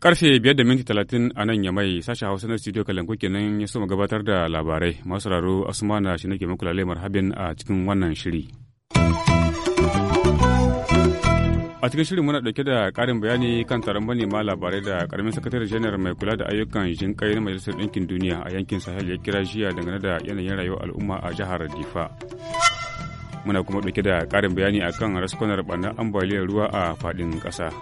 Karfe biyar da minti talatin a nan ya mai sashen Hausa na studio Kalangu kenan ya soma gabatar da labarai. Masu raro Asmana shi nake muku lalemar marhabin a cikin wannan shiri. A cikin shirin muna dauke da karin bayani kan taron manema labarai da karamin sakataren janar mai kula da ayyukan jinƙai na Majalisar Ɗinkin Duniya a yankin Sahel ya kira jiya dangane da yanayin rayuwar al'umma a jihar Difa. Muna kuma dauke da karin bayani a kan raskunar ɓannar ambaliyar ruwa a faɗin ƙasa.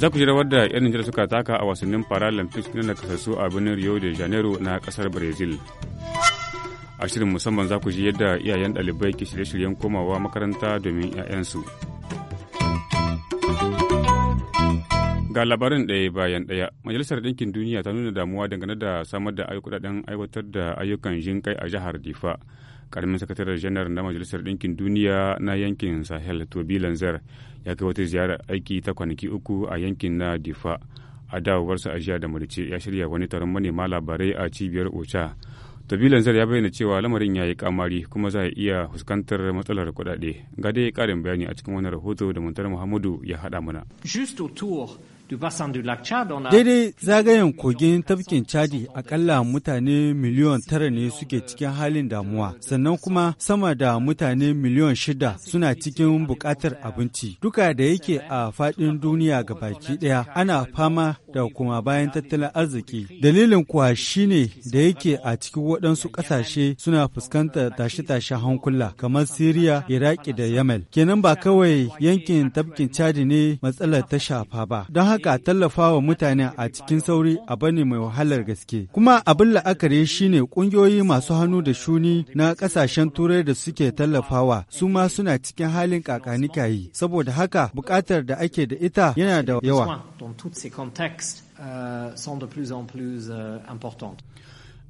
za ku jirawar rawar da 'yan Nijar suka taka a wasannin Paralympics na nakasassu a birnin Rio de Janeiro na kasar Brazil. A shirin musamman za ku ji yadda iyayen ɗalibai ke shirye-shiryen komawa makaranta domin 'ya'yansu. Ga labarin ɗaya bayan ɗaya, Majalisar Ɗinkin Duniya ta nuna damuwa dangane da samar da kuɗaɗen aiwatar da ayyukan jinƙai a jihar Difa. Karamin sakataren janar na Majalisar Ɗinkin Duniya na yankin Sahel Tobi Lanzar ya kai wata ziyarar aiki ta kwanaki uku a yankin na Difa. A dawowarsa a jiya da Marice ya shirya wani taron manema labarai a cibiyar Ocha. Tobi Lanzar ya bayyana cewa lamarin ya yi kamari kuma za a iya fuskantar matsalar kuɗaɗe. Ga dai ƙarin bayani a cikin wani rahoto da Muntar Muhammadu ya haɗa mana. Daidai zagayen kogin tafkin Chadi akalla mutane miliyon tara ne suke cikin halin damuwa, sannan kuma sama da mutane miliyon shida suna cikin bukatar abinci. Duka da yake a faɗin duniya ga baki ɗaya ana fama da kuma bayan tattalin arziki. Dalilin kuwa shine da yake a cikin waɗansu ƙasashe suna fuskantar tashe-tashen hankula kamar Siriya, Iraki da Yamal. Kenan ba kawai yankin tafkin Chadi ne matsalar ta shafa ba. Don haka tallafawa mutane a cikin sauri abu ne mai wahalar gaske. Kuma abin la'akari shine ƙungiyoyi masu hannu da shuni na ƙasashen turai da suke tallafawa su ma suna cikin halin kakanikayi. Saboda haka buƙatar da ake da ita yana da yawa. Euh, sont de plus en plus euh, importantes.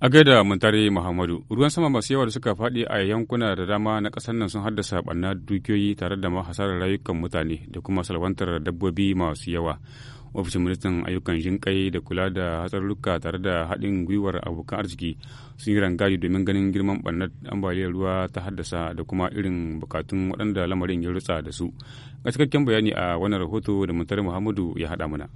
A gaida Muntari Muhammadu, ruwan sama masu yawa da suka faɗi a yankuna da dama na ƙasar nan sun haddasa ɓanna dukiyoyi tare da hasarar rayukan mutane da kuma salwantar dabbobi masu yawa. Ofishin ministan ayyukan jinƙai da kula da hatsarurruka tare da haɗin gwiwar abokan arziki sun yi rangadi domin ganin girman ɓannar ambaliyar ruwa ta haddasa da kuma irin bukatun waɗanda lamarin ya rutsa da su. Ga cikakken bayani a wannan rahoto da Muntari Muhammadu ya haɗa mana.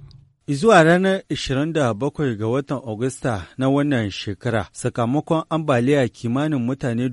Zuwa ranar 27 ga watan Agusta na wannan shekara, sakamakon ambaliya kimanin mutane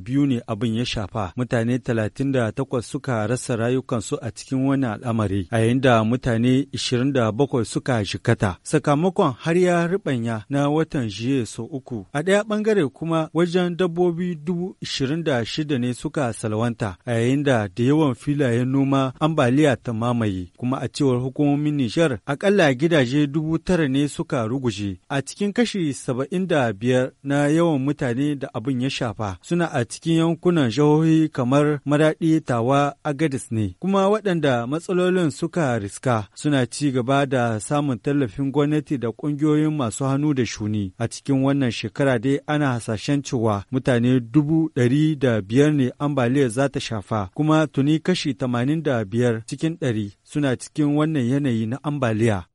biyu ne abin ya shafa, mutane 38 suka rasa rayukansu a cikin wani al'amari, a yayin da mutane 27 suka jikata. Sakamakon har ya ribanya na watan jiye so uku. A ɗaya ɓangare kuma wajen dabbobi shida ne suka salwanta, a yayin da da yawan filayen noma ambaliya ta mamaye, kuma a cewar hukumomin Nijar akalla gidaje dubu tara ne suka ruguje a cikin kashi saba'in da biyar na yawan mutane da abin ya shafa suna a cikin yankunan jihohi kamar maradi Tawa, Agadis ne. Kuma waɗanda matsalolin suka riska suna ci gaba da samun tallafin gwamnati da ƙungiyoyin masu hannu da shuni. A cikin wannan shekara dai ana hasashen cewa mutane dubu ɗari da biyar ne ambaliyar za ta shafa kuma tuni kashi tamanin da biyar cikin ɗari suna cikin wannan yanayi na ambaliya.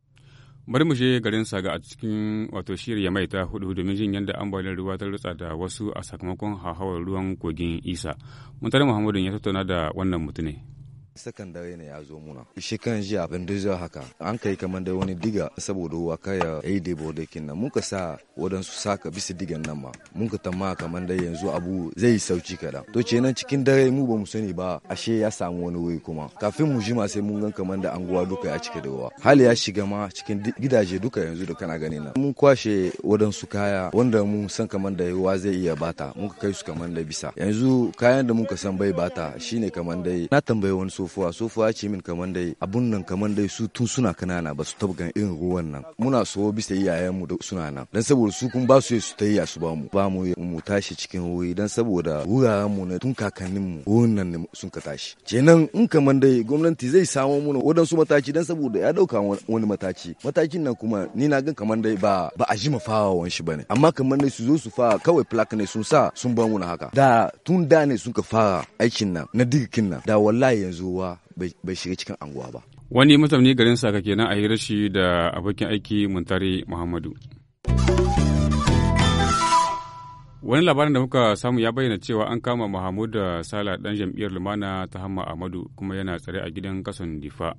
Bari mu je garin Saga a cikin wato shirya mai ta hudu domin jin yadda ambaliyar ruwa ta rutsa da wasu a sakamakon hauhawar ruwan kogin Isa. mutane Muhammadu ya tattauna da wannan mutum ne. sakan dare ne ya zo muna shi kan ji abin da zai haka an kai kamar da wani diga saboda ruwa kaya yi da bodakin nan ka sa wadansu saka bisa digan nan ma mun ka tamma kamar da yanzu abu zai sauci kada to kenan cikin dare mu ba mu sani ba ashe ya samu wani wuri kuma kafin mu jima sai mun gan kamar da anguwa duka ya cika da ruwa hali ya shiga ma cikin gidaje duka yanzu da kana gani nan mun kwashe wadansu kaya wanda mun san kamar da ruwa zai iya bata mun ka kai su kamar da bisa yanzu kayan da mun ka san bai bata shine kamar da na tambaye wani so sofuwa sofuwa ce min kaman dai abun nan kaman dai su tun suna kanana ba su tabgan irin ruwan nan muna so bisa iyayen mu da suna nan dan saboda su kun ba su su tayya su ba mu ba mu mu tashi cikin ruwa dan saboda wuraren mu ne tun kakannin mu ruwan nan ne sun ka tashi kenan in kaman dai gwamnati zai samu mu su mataki dan saboda ya dauka wani mataki matakin nan kuma ni na ga kaman dai ba ba a fawa fawawan shi bane amma kaman dai su zo su fa kawai plak ne sun sa sun ba mu na haka da tun da ne sun ka fara aikin nan na dirkin nan da wallahi yanzu anguwa bai shiga cikin anguwa ba wani mazamni garin saka kenan a hirar shi da abokin aiki muntari muhammadu wani labarin da muka samu ya bayyana cewa an kama muhammadu da sala dan jam'iyyar lumana ta hamma amadu kuma yana tsare a gidan kasan difa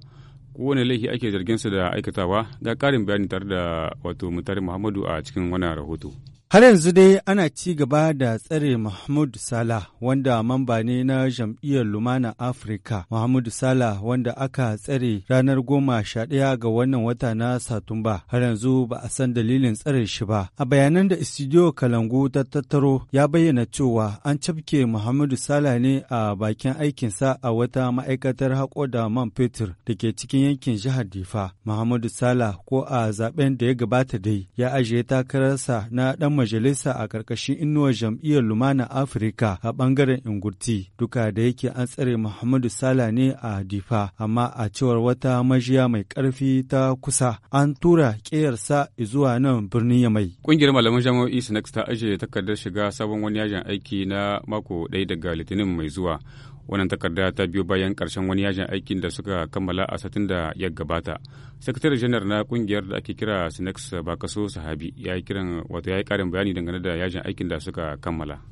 kowane laifi ake zargin su da aikatawa ga karin bayani tare da wato mutare muhammadu a cikin wannan rahoto Har yanzu dai ana ci gaba da tsare Mahmud Salah wanda mamba ne na jam'iyyar Lumana Afirka. Mahmud Salah wanda aka tsare ranar goma sha ɗaya ga wannan wata na Satumba. Har yanzu ba a san dalilin tsare shi ba. A bayanan da Studio Kalangu ta tattaro ya bayyana cewa an cafke Mahmud Salah ne a bakin aikinsa a wata ma'aikatar haƙo da man fetur da ke cikin yankin jihar Difa. Mahmud Salah ko a zaben da ya gabata dai ya ajiye takararsa na ɗan majalisa a ƙarƙashin inuwar jam'iyyar Lumana Afirka a ɓangaren Ingurti, duka da yake an tsare Muhammadu Sala ne a Difa, amma a cewar wata majiya mai ƙarfi ta kusa an tura ƙeyarsa zuwa nan birnin Yamai. Ƙungiyar malaman jami'o'i Sinex ta ajiye takardar shiga sabon wani yajin aiki na mako daya daga Litinin mai zuwa. wannan takarda ta biyo bayan karshen wani yajin aikin da suka kammala a satin da ya gabata sakatare janar na kungiyar da ake kira sinex bakaso sahabi ya yi kiran wato ya yi karin bayani dangane da yajin aikin da suka kammala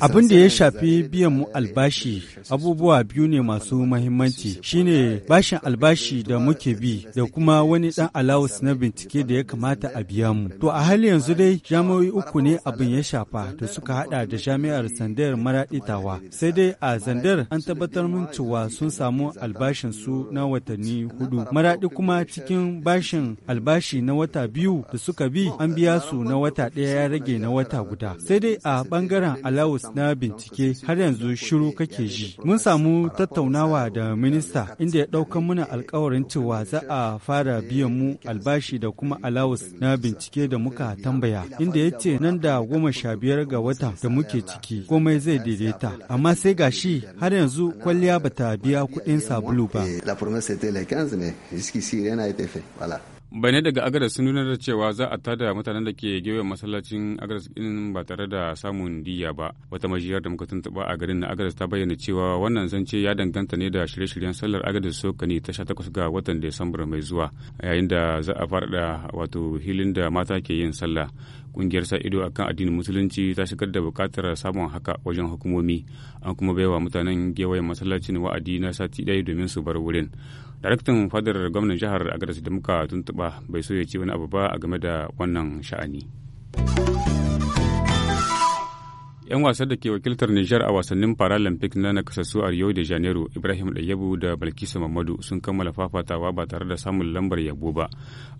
Abin da ya shafi biyan mu albashi abubuwa biyu ne masu muhimmanci shine bashin albashi da muke bi da kuma wani dan alawus na bincike da ya kamata a biya mu. To a hali yanzu dai jami'o'i uku ne abin ya shafa da suka hada da jami'ar sandar maraɗitawa sai dai a zandar an tabbatar mun cewa sun samu albashin su na watanni hudu maraɗi kuma cikin bashin albashi na wata biyu da suka bi an biya su na wata ɗaya ya rage rage na wata guda. Sai dai a bangaren alawus na bincike har yanzu shiru kake ji. Mun samu tattaunawa da minista inda ya ɗaukan muna alkawarin cewa za a fara biyan mu albashi da kuma alawus na bincike da muka tambaya. Inda ya ce nan da goma sha biyar ga wata da muke ciki komai zai daidaita. Amma sai gashi har yanzu kwalliya bata biya kuɗin sabulu ba. La promesse ne daga agaras sun nuna da cewa za a tada mutanen da ke gewayen masallacin agadas din ba tare da samun diya ba wata majiyar da muka tuntuɓa a garin na agadar ta bayyana cewa wannan zance ya danganta ne da shirye-shiryen sallar agaras sokani ta sha takwas ga watan desambar mai zuwa yayin da za a faɗaɗa wato hilin da mata ke yin sallah kungiyar sa ido akan addinin musulunci ta shigar da bukatar samun haka wajen hukumomi an kuma baiwa mutanen gewayen masallacin wa'adi na sati ɗaya domin su bar wurin daraktan fadar gwamnan jihar agadas da muka tuntuɓa bai so ya ce wani abu ba a game da wannan sha'ani yan wasan da ke wakiltar nijar a wasannin paralympic na nakasassu a rio de janeiro ibrahim dayabu da balkisa mamadu sun kammala fafatawa ba tare da samun lambar yabo ba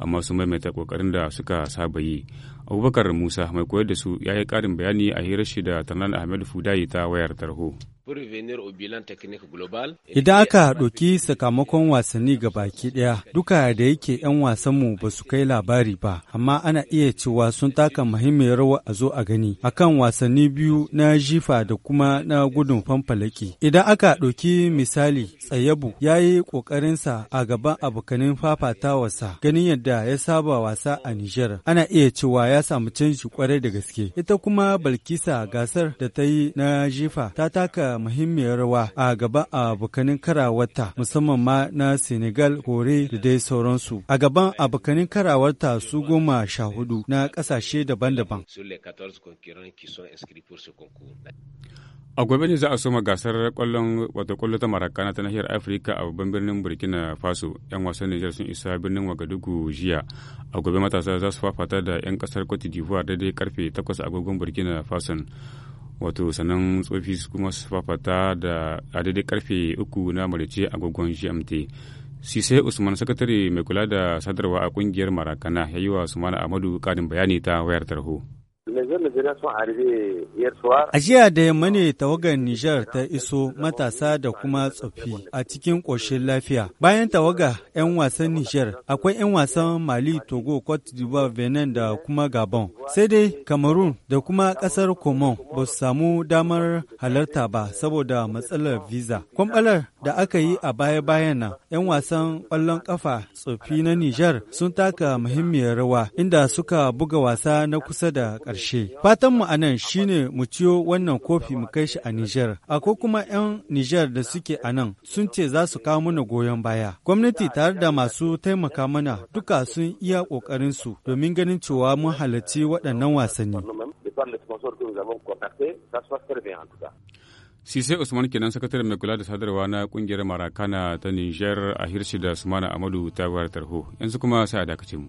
amma sun maimaita kokarin da suka saba yi abubakar musa mai koyar da su ya yi karin bayani a hirar shi da tanan ahmed fudayi ta wayar tarho Idan aka ɗauki sakamakon wasanni ga baki ɗaya, duka da yake 'yan wasanmu ba su kai labari ba, amma ana iya cewa sun taka muhimmiyar rawa a zo a gani akan wasanni biyu na jifa da kuma na gudun fanfalaki. Idan aka ɗauki misali, Tsayabu ya yi ƙoƙarinsa a gaban abokanin fafatawarsa ganin yadda ya saba wasa a Nijar. Ana iya cewa ya samu canji kwarai da gaske. Ita kuma Balkisa gasar da ta yi na jifa ta taka muhimmiyar rawa a gaban abokanin karawarta musamman ma na Senegal, Kore da dai sauransu. A gaban abokanin karawarta su goma sha hudu na kasashe daban-daban. a gobe ne za a soma gasar kwallon wata kwallo ta marakana ta nahiyar afirka a babban birnin burkina faso yan wasan nijar sun isa birnin wagadugu jiya a gobe matasa za su fafata da yan kasar cote d'ivoire daidai karfe 8 agogon burkina faso wato sannan tsofi kuma su fafata da adadin karfe uku na marice agogon gmt sise usman sakatare mai kula da sadarwa a kungiyar marakana ya yi wa sumana amadu karin bayani ta wayar tarho A jiya da yamma ne tawagar Nijar ta iso matasa da kuma tsofi a cikin ƙoshin lafiya. Bayan tawaga 'yan wasan Nijar akwai 'yan wasan Mali, Togo, Cote d'Ivoire, Benin da kuma Gabon. Sai dai Cameroon da kuma ƙasar komon ba su samu damar halarta ba saboda matsalar visa. Kwamɓalar da aka yi a baya-bayan nan 'yan wasan ƙwallon ƙafa tsofi na Nijar sun taka muhimmiyar rawa inda suka buga wasa na kusa da ƙarshe. ce, Fatanmu a nan shi ne mu ciyo wannan kofi mu kai shi a Nijar. Akwai kuma 'yan Nijar da suke a nan sun ce za su kawo mana goyon baya. Gwamnati tare da masu taimaka mana duka sun iya ƙoƙarinsu domin ganin cewa mun halarci waɗannan wasanni. Sise Usman kenan sakataren mai kula da sadarwa na kungiyar Marakana ta Nijar a hirshi da Sumana Amadu ta wayar tarho. Yanzu kuma sai a dakace mu.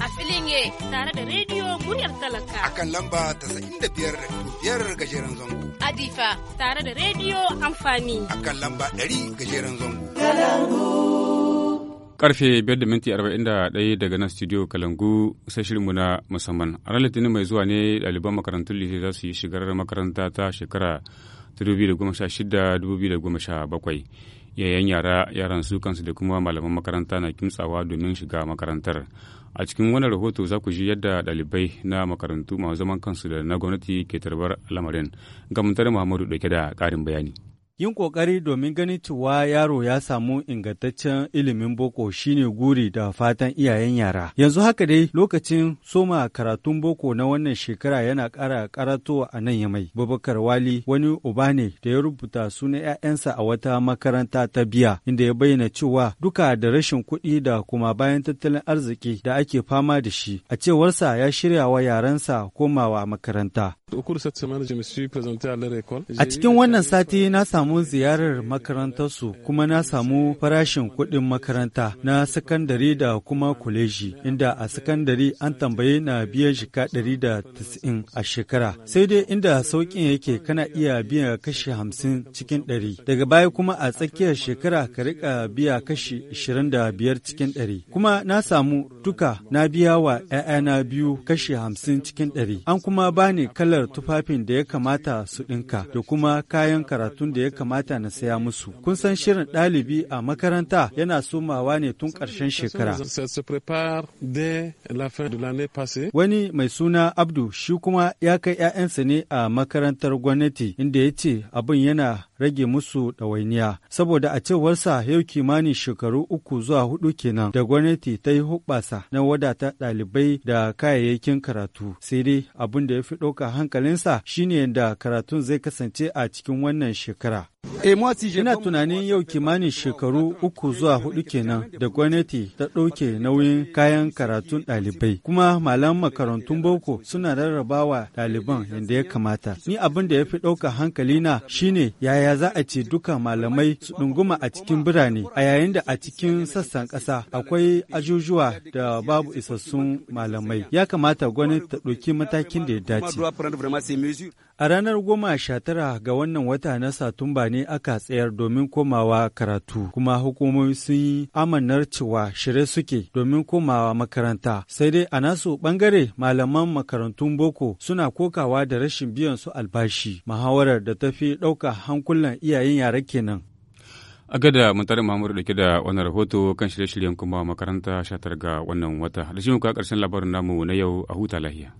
a filin ye tare da rediyo muryar talaka a kan lamba da biyar biyar gajeren zango adifa tare da rediyo amfani a kan lamba 100 gajeren zango karfe 5.41 daga nan studio kalangu sai shirinmu na musamman a ranar litinin mai zuwa ne ɗaliban makarantun liti za su yi shigarar makaranta ta shekara 2016-2017 yayan yara yaran su kansu da kuma malaman makaranta na kimtsawa domin shiga makarantar a cikin wannan rahoto za ku ji yadda ɗalibai na makarantu masu zaman kansu da na gwamnati ke tarbar lamarin gamantar muhammadu dauke da ƙarin bayani Yin ƙoƙari domin ganin cewa yaro ya samu ingantaccen ilimin boko shine guri da fatan iyayen yara. Yanzu haka dai lokacin soma karatun boko na wannan shekara yana ƙara karato a nan yamai. Babakar Wali wani uba ne da ya rubuta sunan 'ya'yansa a wata makaranta ta biya inda ya bayyana cewa duka da rashin kuɗi da kuma bayan tattalin arziki da ake fama da shi. A cewarsa ya shirya wa yaransa komawa makaranta. A cikin wannan sati na samu samu ziyarar makarantarsu kuma na samu farashin kuɗin makaranta na sakandare da kuma kwaleji inda a sakandare an tambaye na biyan shika 190 a shekara sai dai inda sauƙin yake kana iya biya kashi 50 cikin 100 daga baya kuma a tsakiyar shekara ka rika biya kashi 25 cikin 100 kuma na samu duka na biya wa 'ya'yana biyu kashi 50 cikin 100 an kuma bani kalar tufafin da ya kamata su ɗinka da kuma kayan karatun da ya kamata na saya musu. Kun san shirin ɗalibi a makaranta yana somawa ne tun ƙarshen shekara. Wani mai suna Abdu shi kuma ya kai ‘ya'yansa ne a makarantar gwamnati inda ya ce abin yana rage musu ɗawainiya. Saboda a cewarsa yau kimanin shekaru uku zuwa hudu kenan da gwamnati ta yi hubasa na wadata ɗalibai da kayayyakin karatu. Sai dai abin da ya fi ɗauka hankalinsa shine da karatun zai kasance a cikin wannan shekara. Ina tunanin yau kimanin shekaru uku zuwa hudu kenan da gwamnati ta ɗauke nauyin kayan karatun ɗalibai, kuma malam makarantun boko suna rarrabawa ɗaliban yadda ya kamata. Ni abin da ya fi ɗauka na shine yaya za a ce duka malamai su ɗunguma a cikin birane, a yayin da a cikin sassan ƙasa akwai ajujuwa da babu isassun malamai. Ya kamata gwamnati ta ɗauki matakin da ya dace. A ranar goma sha tara ga wannan wata na Satumba ne aka tsayar domin komawa karatu kuma hukumomi sun yi amanar cewa shirye suke domin komawa makaranta sai dai a nasu bangare malaman makarantun boko suna kokawa da rashin biyan su albashi muhawarar da ta fi ɗauka hankulan iyayen yara kenan a gada muntari muhammadu dauke da wannan rahoto kan shirye-shiryen kuma makaranta shatar ga wannan wata da shi muka karshen labarin namu na yau a huta lahiya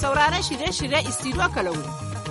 sauraron shirye-shirye istiro kalau